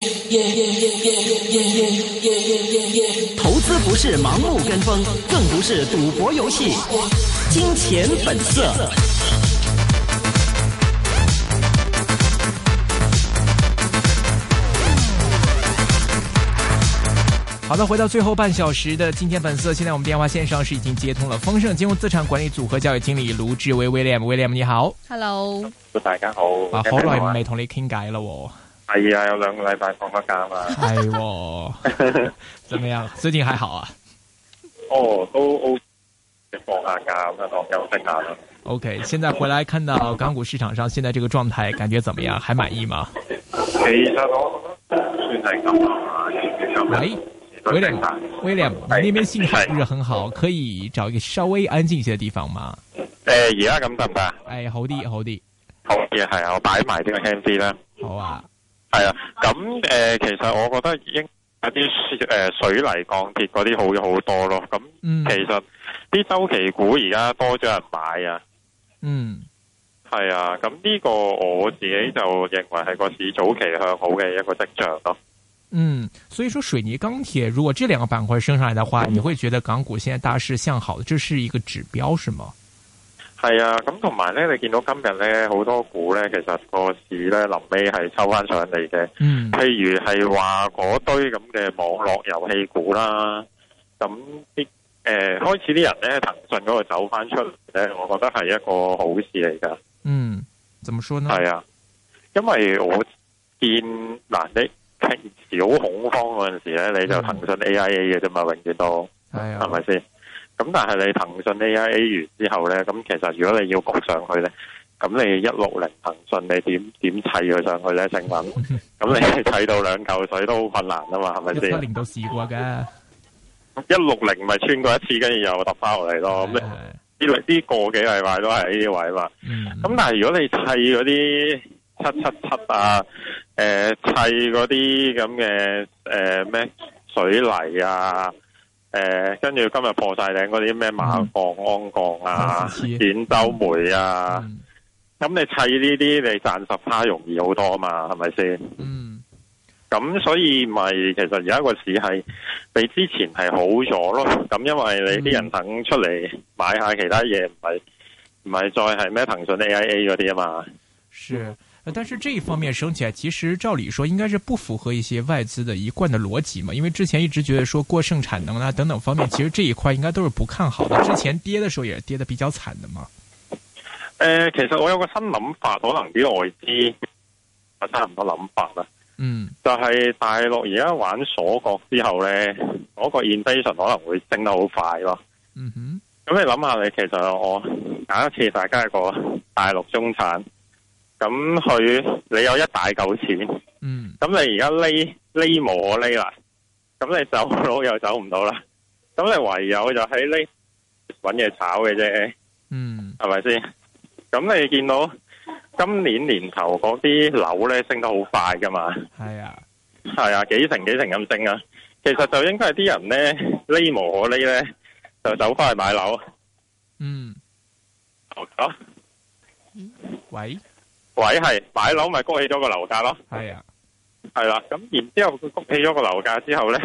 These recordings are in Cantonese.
Yeah, yeah, yeah, yeah, yeah, yeah, yeah, yeah, 投資不是盲目跟風，更不是賭博遊戲。金錢本色。 好的，回到最後半小時的金錢本色。現在我們電話綫上是已經接通了。豐盛金融資產管理組合教育經理盧志威，William，William William, 你好，Hello，大家好，啊，好耐冇同你傾偈了。係、哎、啊，有兩個禮拜放得假嘛、啊。係 喎、哎，怎麼樣？最近還好啊？哦，都 O，放、哦、下假咁樣講休息下啦。OK，現在回來看到港股市場上現在這個狀態，感覺怎麼樣？還滿意嗎？其實我算係咁啦，其實喂威廉，你那邊信號不是很好是，可以找一個稍微安靜一些的地方嗎？誒、呃，而家咁得唔得？誒、哎，好啲，好啲，好啲啊，係、嗯、啊、嗯，我擺埋啲個 hand 機啦。好啊。係啊，咁誒、呃，其實我覺得已經一啲誒水泥、鋼鐵嗰啲好咗好多咯。咁其實啲周期股而家多咗人買啊。嗯，係啊，咁呢個我自己就認為係個市早期向好嘅一個跡象咯。嗯，所以說水泥、鋼鐵如果這兩個板塊升上嚟的話，嗯、你會覺得港股現在大勢向好的，這是一個指標，是嗎？係啊，咁同埋咧，你見到今日咧好多股咧，其實個市咧臨尾係抽翻上嚟嘅。嗯，譬如係話嗰堆咁嘅網絡遊戲股啦，咁啲誒，開始啲人咧，騰訊嗰度走翻出嚟咧，我覺得係一個好事嚟噶。嗯，怎麼說呢？係啊，因為我見嗱你小恐慌嗰陣時咧，你就騰訊 AIA 嘅啫嘛，永遠都係，係咪先？哎咁但係你騰訊 A.I.A. 完之後咧，咁其實如果你要焗上去咧，咁你一六零騰訊你點點砌佢上去咧？正文咁你砌到兩嚿水都好困難啊嘛？係咪先？一七零度試過嘅，一六零咪穿過一次，跟住又跌翻落嚟咯。咁呢啲個幾禮拜都係呢啲位嘛。咁、嗯、但係如果你砌嗰啲七七七啊，誒、呃、砌嗰啲咁嘅誒咩水泥啊？誒、呃，跟住今日破晒頂嗰啲咩馬鋼、鞍鋼啊、兗州煤啊，咁、嗯嗯、你砌呢啲你賺十趴容易好多嘛，係咪先？嗯，咁所以咪其實而家個市係比之前係好咗咯，咁因為你啲人等出嚟買下其他嘢，唔係唔係再係咩騰訊 A I A 嗰啲啊嘛。是。但是這一方面升起來，其實照理說應該是不符合一些外資的一貫的邏輯嘛。因為之前一直覺得說過剩產能啊等等方面，其實這一塊應該都是不看好的。之前跌的時候也是跌得比較慘的嘛。誒，其實我有個新諗法，可能啲外資差唔多諗法啦。嗯，就係大陸而家玩鎖國之後咧，嗰個 inflation 可能會升得好快咯。嗯哼，咁你諗下，你其實我假設大家一個大陸中產。咁佢你有一大嚿錢，咁、嗯、你而家匿匿無可匿啦，咁你走佬又走唔到啦，咁你唯有就喺匿搵嘢炒嘅啫，係咪先？咁你見到今年年頭嗰啲樓咧升得好快噶嘛？係啊，係啊，幾成幾成咁升啊！其實就應該係啲人咧匿無可匿咧，就走返去買樓。嗯，好啊，喂。鬼係買樓咪谷起咗個樓價咯，係啊，係啦，咁然之後佢谷起咗個樓價之後咧，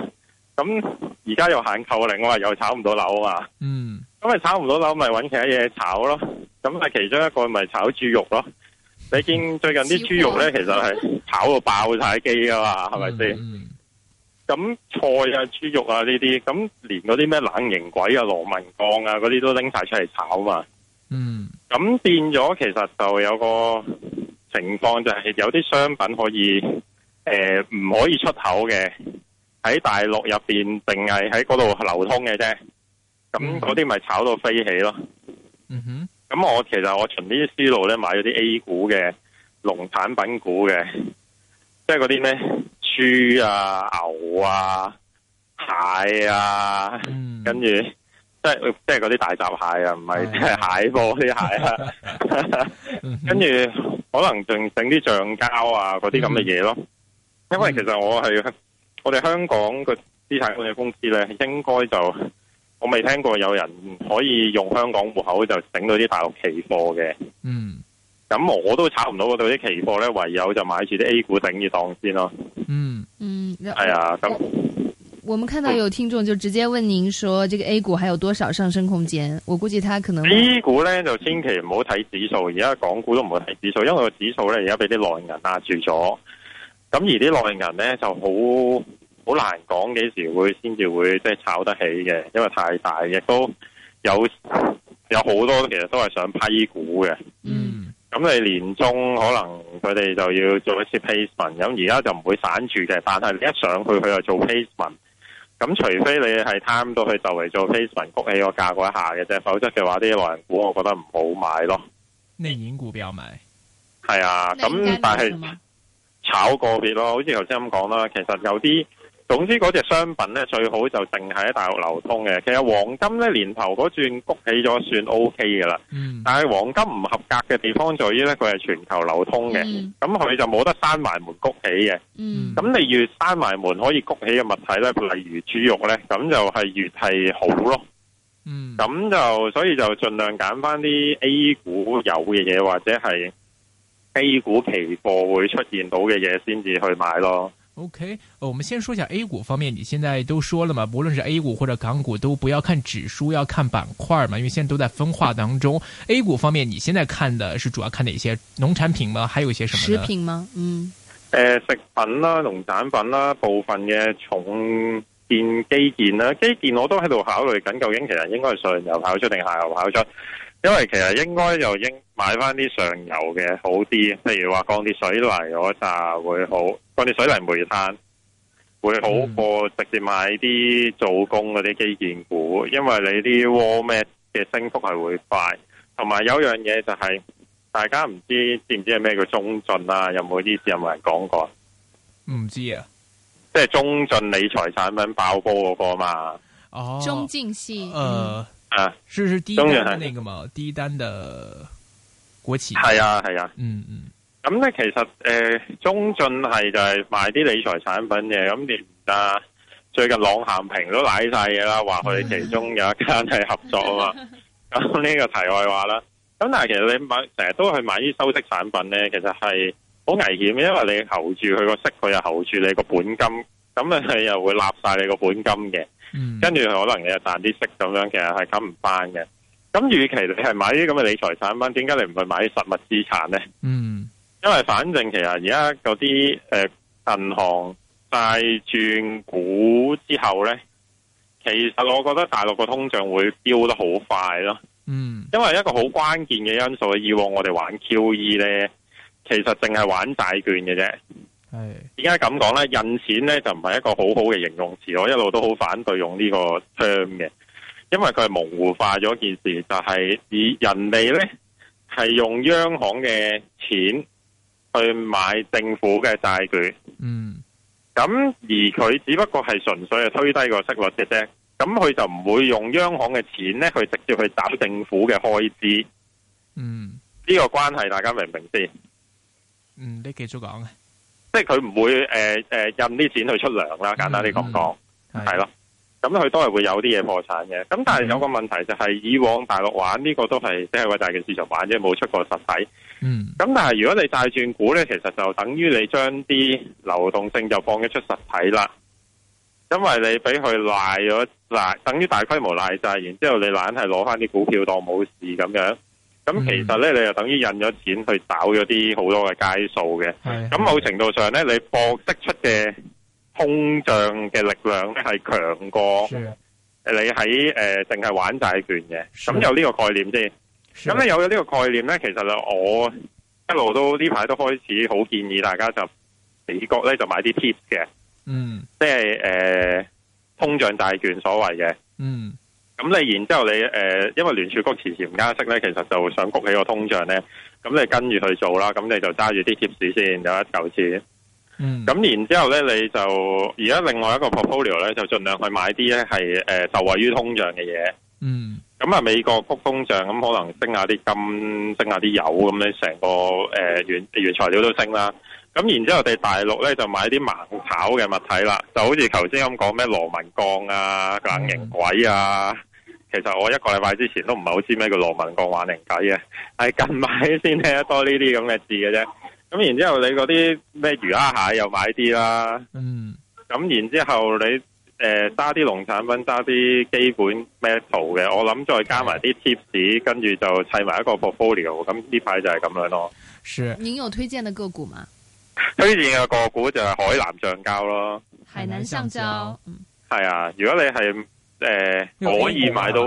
咁而家又限購令啊，又炒唔到樓啊嘛，嗯，咁咪炒唔到樓咪揾其他嘢炒咯，咁啊其中一個咪炒豬肉咯，你見最近啲豬肉咧其實係炒到爆晒機啊嘛，係咪先？咁、嗯嗯、菜啊豬肉啊呢啲，咁連嗰啲咩冷凝鬼啊羅文鋼啊嗰啲都拎晒出嚟炒嘛，嗯，咁變咗其實就有個，情況就係有啲商品可以誒唔、呃、可以出口嘅喺大陸入邊，定係喺嗰度流通嘅啫。咁嗰啲咪炒到飛起咯。嗯哼。咁我其實我從呢啲思路咧，買咗啲 A 股嘅農產品股嘅，即係嗰啲咩豬啊、牛啊、蟹啊，嗯、跟住即係即係嗰啲大閘蟹啊，唔係即係蟹波啲蟹啊，嗯、 跟住。可能仲整啲橡膠啊，嗰啲咁嘅嘢咯。因為其實我係、嗯、我哋香港個資產管理公司咧，應該就我未聽過有人可以用香港戶口就整到啲大陸期貨嘅。嗯。咁我都炒唔到嗰度啲期貨咧，唯有就買住啲 A 股頂住檔先咯。嗯、哎、嗯。係啊，咁。我們看到有聽眾就直接問您說，這個 A 股還有多少上升空間？我估計他可能 A 股咧就千祈唔好睇指數，而家港股都唔好睇指數，因為個指數咧而家俾啲內銀壓住咗。咁而啲內銀咧就好好難講幾時會先至會即係炒得起嘅，因為太大，亦都有有好多其實都係想批股嘅。嗯，咁你年終可能佢哋就要做一次 placement，咁而家就唔會散住嘅，但係你一上去佢又做 placement。咁除非你係貪到去就嚟做 Facebook 谷起個價過一下嘅啫，否則嘅話啲內銀股我覺得唔好買咯。內銀股比較咪係啊，咁但係炒個別咯，好似頭先咁講啦，其實有啲。總之嗰隻商品咧，最好就淨係喺大陸流通嘅。其實黃金咧，年頭嗰轉谷起咗，算 OK 嘅啦、嗯。但係黃金唔合格嘅地方在於咧，佢係全球流通嘅，咁、嗯、佢、嗯、就冇得閂埋門谷起嘅。咁、嗯、你越閂埋門可以谷起嘅物體咧，例如豬肉咧，咁就係越係好咯。咁、嗯、就所以就盡量揀翻啲 A 股有嘅嘢，或者係 A 股期貨會出現到嘅嘢，先至去買咯。O、okay, K，、哦、我們先說一下 A 股方面，你現在都說了嘛，不論是 A 股或者港股，都不要看指數，要看板塊嘛，因為現在都在分化當中。A 股方面，你現在看的是主要看哪些農產品嗎？還有一些什麼食品嗎？嗯，誒、呃，食品啦、啊，農產品啦、啊，部分嘅重建基建啦、啊，基建我都喺度考慮緊，究竟其實應該上游跑出定下游跑出？因為其實應該又應該買翻啲上游嘅好啲，譬如話鋼鐵水泥嗰扎會好。放啲水泥煤炭會好過直接買啲做工嗰啲基建股，因為你啲 Wall Mate 嘅升幅係會快，同埋有樣嘢就係、是、大家唔知知唔知係咩叫中駿啊？有冇啲事有冇人講過？唔知啊，即係中駿理財產品爆煲嗰個嘛？哦，中駿係誒啊，是是第一單那個嘛？第一單的國企係啊係啊，嗯嗯。咁、嗯、咧，其實誒、呃，中進係就係賣啲理財產品嘅。咁連啊，最近郎咸平都瀨晒嘅啦，話佢其中有一間係合作啊嘛。咁 呢、嗯嗯、個題外話啦。咁、嗯、但係其實你買成日都去買啲收息產品咧，其實係好危險，因為你 hold 住佢個息，佢又 hold 住你個本金，咁啊佢又會納晒你個本金嘅。跟住可能你賺啲息咁樣，其實係減唔翻嘅。咁、嗯，與、嗯、其你係買啲咁嘅理財產品，點解你唔去買啲實物資產咧？嗯。因為反正其實而家有啲誒銀行債轉股之後咧，其實我覺得大陸個通脹會飆得好快咯。嗯，因為一個好關鍵嘅因素的，以往我哋玩 QE 咧，其實淨係玩債券嘅啫。係，點解咁講咧？印錢咧就唔係一個很好好嘅形容詞，我一路都好反對用呢個 term 嘅，因為佢係模糊化咗件事，就係以人哋咧係用央行嘅錢。去買政府嘅債券，嗯，咁而佢只不過係純粹係推低個息率嘅啫，咁佢就唔會用央行嘅錢咧去直接去找政府嘅開支，嗯，呢、這個關係大家明唔明先？嗯，你繼續講，即係佢唔會誒誒、呃呃，印啲錢去出糧啦，簡單啲講，講、嗯，係、嗯、咯。咁佢都係會有啲嘢破產嘅，咁但係有個問題就係、是、以往大陸玩呢、這個都係即係大件市場玩啫，冇出過實體。嗯。咁但係如果你債轉股呢，其實就等於你將啲流動性就放咗出實體啦，因為你俾佢賴咗賴，等於大規模賴債，然之後你懶係攞翻啲股票當冇事咁樣。咁其實呢，你就等於印咗錢去找咗啲好多嘅街數嘅。咁、嗯嗯、某程度上呢，你搏得出嘅。通脹嘅力量咧，係強過你在，你喺誒淨係玩債券嘅，咁有呢個概念先。咁咧有咗呢個概念咧，其實就我一路都呢排都開始好建議大家就美國咧就買啲 tips 嘅，嗯、就是，即係誒通脹債券所謂嘅，嗯。咁你然之後你誒、呃，因為聯儲局遲遲唔加息咧，其實就想谷起個通脹咧，咁你跟住去做啦，咁你就揸住啲 tips 先有一嚿錢。咁、嗯、然之後咧，你就而家另外一個 portfolio 咧，就盡量去買啲咧係誒受惠於通脹嘅嘢。嗯。咁啊，美國谷通脹咁可能升下啲金，升下啲油咁樣，成個、呃、原原材料都升啦。咁然之後，我哋大陸咧就買啲盲炒嘅物體啦，就好似頭先咁講咩螺紋鋼啊、硬凝鬼啊、嗯。其實我一個禮拜之前都唔係好知咩叫螺紋鋼、玩凝鬼嘅，係近排先聽得多呢啲咁嘅字嘅啫。咁然之後你嗰啲咩魚蝦蟹又買啲啦，嗯，咁然之後你誒揸啲農產品，揸啲基本 metal 嘅，我諗再加埋啲 tips，跟住就砌埋一個 portfolio，咁呢排就係咁樣咯。是，您有推薦嘅個股嗎？推薦嘅個股就係海南橡膠咯。海南橡膠，係、嗯、係啊，如果你係誒、呃、可以買到，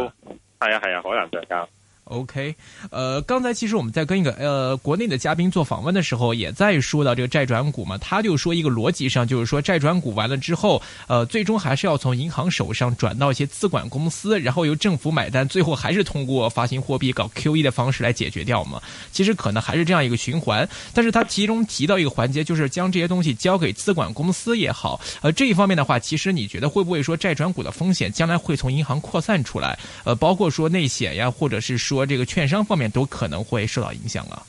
係啊係啊，啊，海南橡膠。OK，呃，剛才其實我們在跟一個呃國內的嘉賓做訪問的時候，也在說到這個債轉股嘛，他就說一個邏輯上就是說債轉股完了之後，呃，最終還是要從銀行手上轉到一些資管公司，然後由政府買單，最後還是通過發行貨幣搞 QE 的方式來解決掉嘛。其實可能還是這樣一個循環。但是他其中提到一個環節，就是將這些東西交給資管公司也好，呃，這一方面的話，其實你覺得會不會說債轉股的風險將來會從銀行擴散出來？呃，包括說內險呀，或者是說。券、這、商、個、方面都可能會受到影響了。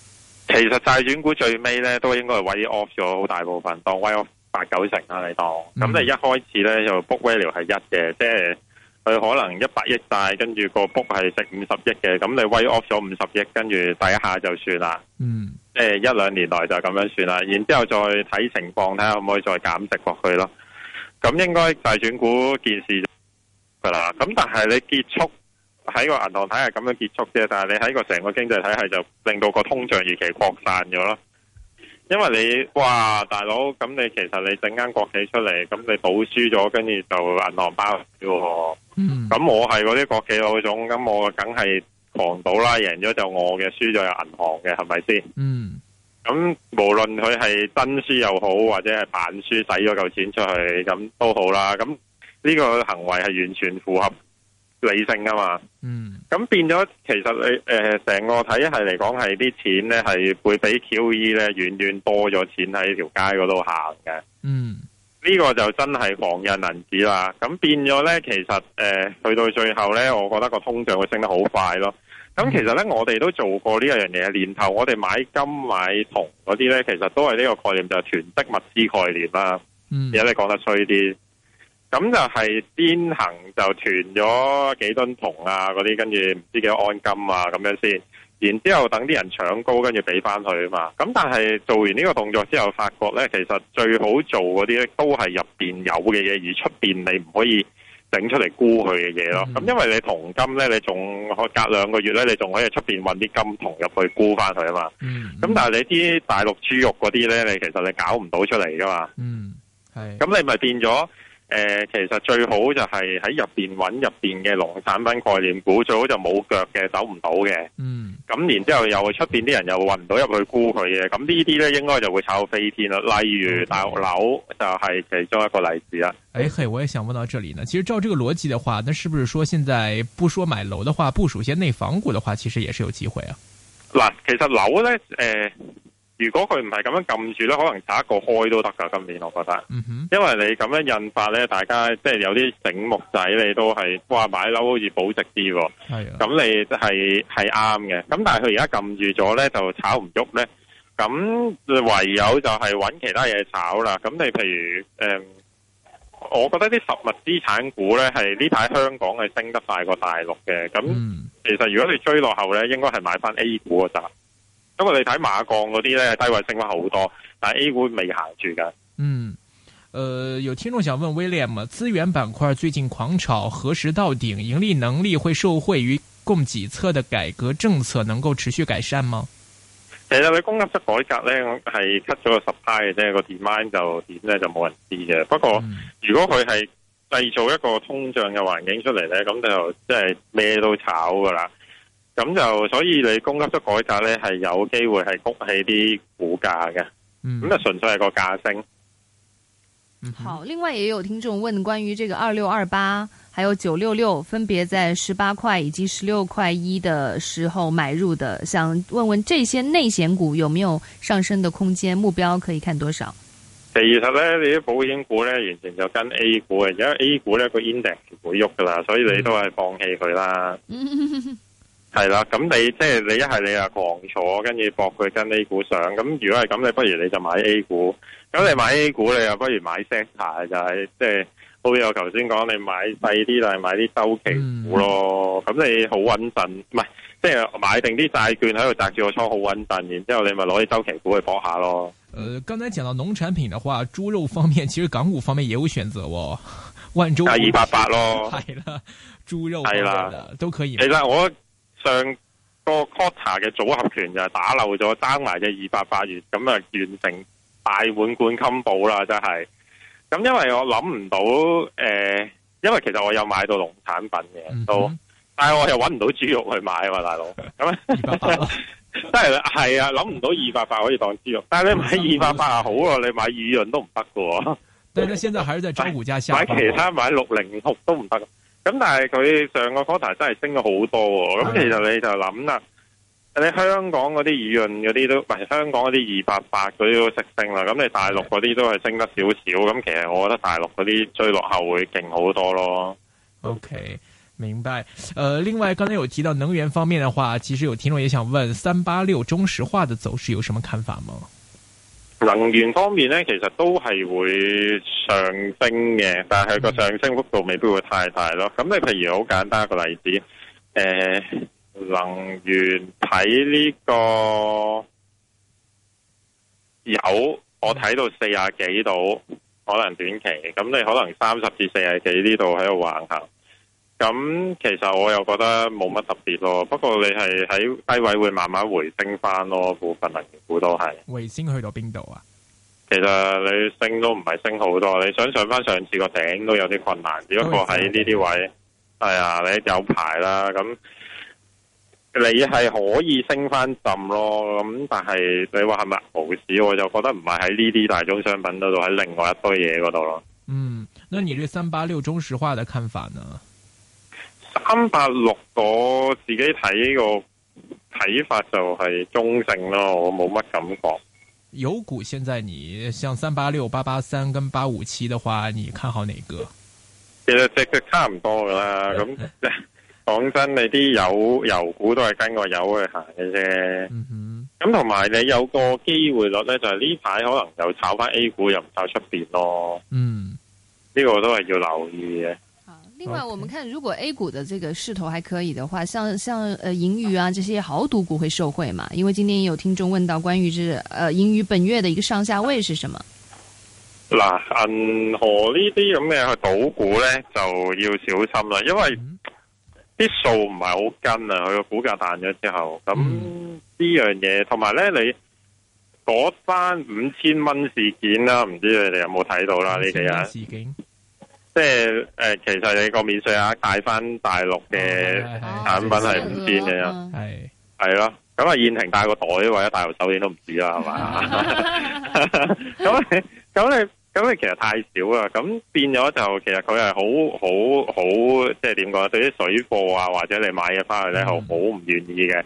其實債轉股最尾咧都應該係威 off 咗好大部分，當威 off 八九成啦，你當。咁、嗯、你一開始咧就 book value 係一嘅，即係佢可能一百億債，跟住個 book 係值五十億嘅，咁你威 off 咗五十億，跟住第一下就算啦。嗯，即、呃、係一兩年內就咁樣算啦，然之後再睇情況，睇下可唔可以再減值落去咯。咁應該債轉股件事噶啦，咁但係你結束。喺個銀行體系咁樣結束啫，但係你喺個成個經濟體系就令到個通脹預期擴散咗咯。因為你哇大佬，咁你其實你整間國企出嚟，咁你賭輸咗，跟住就銀行包了。嗯，咁我係嗰啲國企老總，咁我梗係狂賭啦，贏咗就我嘅，輸咗有銀行嘅，係咪先？嗯，咁無論佢係真輸又好，或者係扮輸使咗嚿錢出去，咁都好啦。咁呢個行為係完全符合。理性啊嘛，呃遠遠，嗯，咁，這個，變咗，其實你誒成個體系嚟講係啲錢咧係會比 QE 咧遠遠多咗錢喺條街嗰度行嘅，嗯，呃，呢個就真係亡人印銀紙啦，咁變咗咧，其實誒去到最後咧，我覺得個通脹會升得好快咯。咁其實咧，我哋都做過呢樣嘢，年頭，我哋買金買銅嗰啲咧，其實都係呢個概念，就係囤積物資概念啦。嗯，而家你講得出啲？咁就係先行就囤咗幾噸銅啊，嗰啲跟住唔知幾多安金啊，咁樣先。然之後等啲人搶高，跟住俾翻佢啊嘛。咁但係做完呢個動作之後，發覺咧，其實最好做嗰啲咧，都係入邊有嘅嘢，而出邊你唔可以整出嚟沽佢嘅嘢咯。咁、嗯、因為你銅金咧，你仲可隔兩個月咧，你仲可以出邊搵啲金銅入去沽翻佢啊嘛。咁、嗯、但係你啲大陸豬肉嗰啲咧，你其實你搞唔到出嚟噶嘛。嗯。係。咁你咪變咗？誒、呃，其實最好就係喺入邊揾入邊嘅農產品概念股，最好就冇腳嘅，走唔到嘅。嗯，咁然之後又會出邊啲人又揾唔到入去沽佢嘅，咁呢啲咧應該就會炒到飛天啦。例如大陸樓就係其中一個例子啦。誒、哎，嘿，我也想問到這裏呢。其實照這個邏輯的話，那是不是說現在不說買樓的話，部署些內房股的話，其實也是有機會啊？嗱，其實樓咧，誒、呃。如果佢唔係咁樣撳住咧，可能打一個開都得噶。今年我覺得，因為你咁樣印發，咧，大家即係有啲醒目仔，你都係話買樓好似保值啲喎。咁、啊、你係係啱嘅。咁但係佢而家撳住咗咧，就炒唔喐咧。咁唯有就係揾其他嘢炒啦。咁你譬如、嗯、我覺得啲實物資產股咧，係呢排香港係升得快過大陸嘅。咁其實如果你追落後咧，應該係買翻 A 股嗰咋。因為你睇馬鋼嗰啲咧，低位升翻好多，但係 A 股未行住嘅。嗯，誒、呃，有聽眾想問 William 啊，資源板塊最近狂炒，何時到頂？盈利能力會受惠於供給側嘅改革政策，能夠持續改善嗎？其實佢供給側改革咧，係 cut 咗個 supply 嘅啫，個 demand 就點咧就冇人知嘅。不過、嗯、如果佢係製造一個通脹嘅環境出嚟咧，咁就即係咩都炒噶啦。咁就所以你供給側改革咧，係有機會係谷起啲股價嘅。咁就純粹係個價升，嗯。好，另外也有聽眾問關於這個二六二八，還有九六六，分別在十八塊以及十六塊一的時候買入的，想問問這些內險股有沒有上升的空間？目標可以看多少？其實咧，你啲保險股咧完全就跟 A 股嘅，因為 A 股咧個 index 唔會喐噶啦，所以你都係放棄佢啦。嗯 係啦，咁你即係你一係你啊狂坐，跟住博佢跟 A 股上，咁如果係咁，你不如你就買 A 股。咁你買 A 股，你又不如買 Sector，就是，就係即係好似我頭先講，你買細啲就係買啲周期股咯。咁、嗯、你穩陣好穩陣，唔係即係買定啲債券喺度揸住個倉好穩陣，然之後你咪攞啲周期股去博下咯。誒、呃，剛才講到農產品嘅話，豬肉方面其實港股方面也有選擇喎、哦，萬洲啊二八八咯，係啦，豬肉係啦，都可以。係啦，我。上個 quota 嘅組合拳就打漏咗，爭埋隻二八八完，咁啊完成大滿貫金寶啦，真係。咁因為我諗唔到，誒、呃，因為其實我有買到農產品嘅，都、嗯，但係我又揾唔到豬肉去買啊，大佬。真係係啊，諗唔到二八八可以當豬肉，但係你買二八八啊好啊，你買雨潤都唔得噶。但是現在還是在招股價下方。買其他買六零六都唔得。咁但係佢上個 quarter 真係升咗好多喎、哦，咁、啊、其實你就諗啦、啊，你香港嗰啲雨潤嗰啲都，唔係香港嗰啲二八八嗰啲都息升啦，咁你大陸嗰啲都係升得少少，咁、啊、其實我覺得大陸嗰啲追落後會勁好多咯。OK，明白。呃，另外，剛才有提到能源方面嘅話，其實有聽眾也想問三八六中石化嘅走勢有什麼看法嗎？能源方面咧，其實都係會上升嘅，但係個上升幅度未必會太大咯。咁你譬如好簡單一個例子，誒、呃，能源睇呢、這個有我睇到四十幾度，可能短期咁，你可能三十至四十幾呢度喺度橫行。咁其實我又覺得冇乜特別咯。不過你係喺低位會慢慢回升翻咯，部分能源股都係。回升去到邊度啊？其實你升都唔係升好多，你想上翻上次個頂都有啲困難。只不過喺呢啲位係啊，哎，你有排啦。咁你係可以升翻浸咯。咁但係你話係咪牛市，我就覺得唔係喺呢啲大宗商品嗰度，喺另外一堆嘢嗰度咯。嗯，那你對三八六中石化的看法呢？三八六，我自己睇個睇法就係中性咯，我冇乜感覺。油股現在你像三八六、八八三跟八五七的話，你看好哪個？其實隻隻差唔多㗎喇，咁、yeah. 講真，你啲油，油股都係跟個油去行嘅啫。咁同埋你有個機會率呢，就係呢排可能又炒返 A 股，又唔炒出邊咯。嗯，呢個都係要留意嘅。另外，我們看如果 A 股的這個勢頭還可以的話，像像呃銀娛啊這些豪賭股會受惠嘛？因為今天也有聽眾問到關於是，呃銀娛本月的一個上下位是什麼？嗱，銀河這些這呢啲咁嘅賭股咧就要小心啦，因為啲數唔係好跟啊，佢個股價彈咗之後，咁、嗯、呢樣嘢，同埋咧你嗰單五千蚊事件啦、啊，唔知你哋有冇睇到啦？呢幾日。即係誒、呃，其實你個免稅額，帶翻大陸嘅產品係五千嘅，係係咯。咁啊，燕婷帶個袋或者大陸手鏈都唔止啦，係、啊、嘛？咁咁 你咁你，你其實太少啦。咁變咗就其實佢係好好好，即係點講？對於水貨啊，或者你買嘢翻去咧，好唔願意嘅。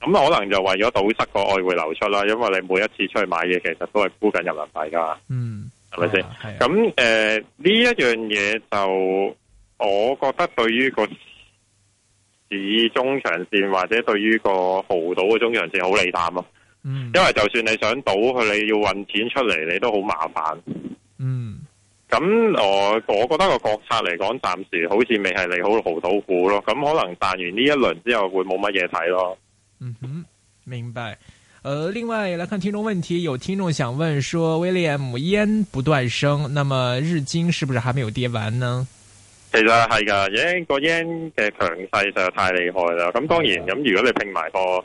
咁可能就為咗堵塞個外匯流出啦，因為你每一次出去買嘢，其實都係箍緊人民幣噶。嗯。係咪先？咁、啊、誒，呢、啊呃、一樣嘢就我覺得對於個市中長線或者對於個濠賭嘅中長線好利淡咯、啊。嗯，因為就算你想賭佢，你要運錢出嚟，你都好麻煩。嗯，咁我我覺得個國策嚟講，暫時好似未係利好濠賭股咯。咁可能彈完呢一輪之後，會冇乜嘢睇咯。嗯哼，明白。呃，另外來看聽眾問題，有聽眾想問說 William yen 不斷升，那麼日經是不是還沒有跌完呢？其實係噶，一個 yen e 嘅強勢實在太厲害啦。咁當然，咁如果你拼埋個誒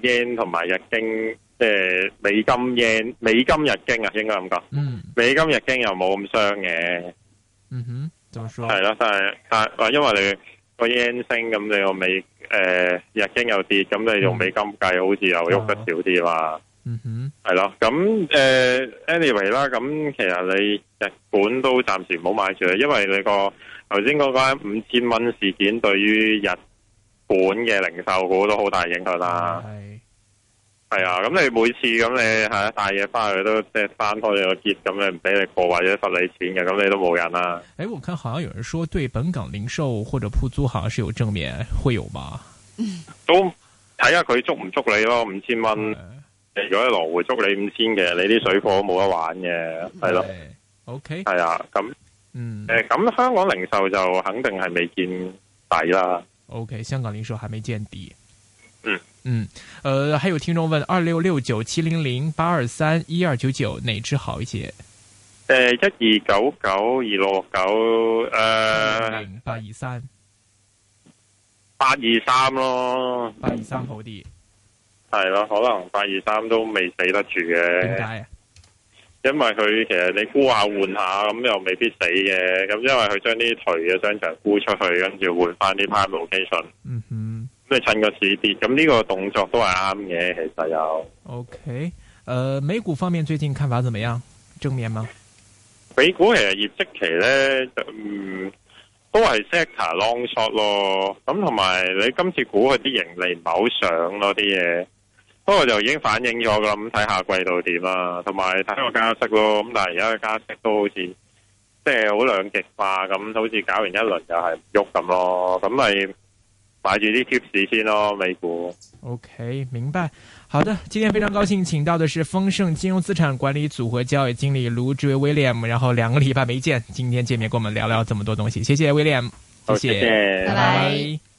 yen 同埋日經，即、呃、係美金 yen 美金日經啊，應該咁講。嗯，美金日經又冇咁傷嘅。嗯哼，怎麼說？係咯，但係但、呃、因為你。個 yen 升，咁你又美誒、呃、日經又跌，咁你用美金計好似又喐得少啲嘛？嗯、oh. 哼、mm-hmm.，係咯，咁、呃、誒 anyway 啦，咁其實你日本都暫時唔好買住，因為你個頭先嗰個五千蚊事件對於日本嘅零售股都好大影響啦。Yes. 係啊，咁你每次咁你係啊帶嘢翻去都即係翻開你個結，咁你唔俾你過或者罰你錢嘅，咁你都冇人啦。誒，我看好像有人說對本港零售或者鋪租好像是有正面，會有嗎？都睇下佢捉唔捉你咯，五千蚊。如果喺羅湖捉你五千嘅，你啲水貨冇得玩嘅，係咯。O K，係啊，咁，嗯，誒、呃，咁香港零售就肯定係未見底啦。O K，香港零售還未見底。嗯。 嗯，誒、呃，還有聽眾問二六六九七零零八二三一二九九，哪支好一些？誒、嗯，一二九九二六九誒，八二三，八二三咯，八二三好啲，係咯，可能八二三都未死得住嘅，點解啊？因為佢其實你沽下換下咁又未必死嘅，咁因為佢將啲頹嘅增長沽出去，跟住換翻啲派息基信嗯嗯即係趁個市跌，咁呢個動作都係啱嘅。其實又 OK，誒、呃，美股方面最近看法怎麼樣？正面嗎？美股其實業績期咧，嗯，都係 set a long short 咯。咁同埋你今次估佢啲盈利唔係好上咯啲嘢，不過就已經反映咗噶啦。咁睇下季度點啦，同埋睇個加息咯。咁但係而家嘅加息都好似即係好兩極化，咁好似搞完一輪又係喐咁咯，咁、嗯、咪。買住啲 tips 先咯，美股。OK，明白。好的，今天非常高興請到的是豐盛金融資產管理組合交易經理盧志威 William。然後兩個禮拜沒見，今天見面，跟我們聊聊這麼多東西。謝謝 William，謝謝，拜拜。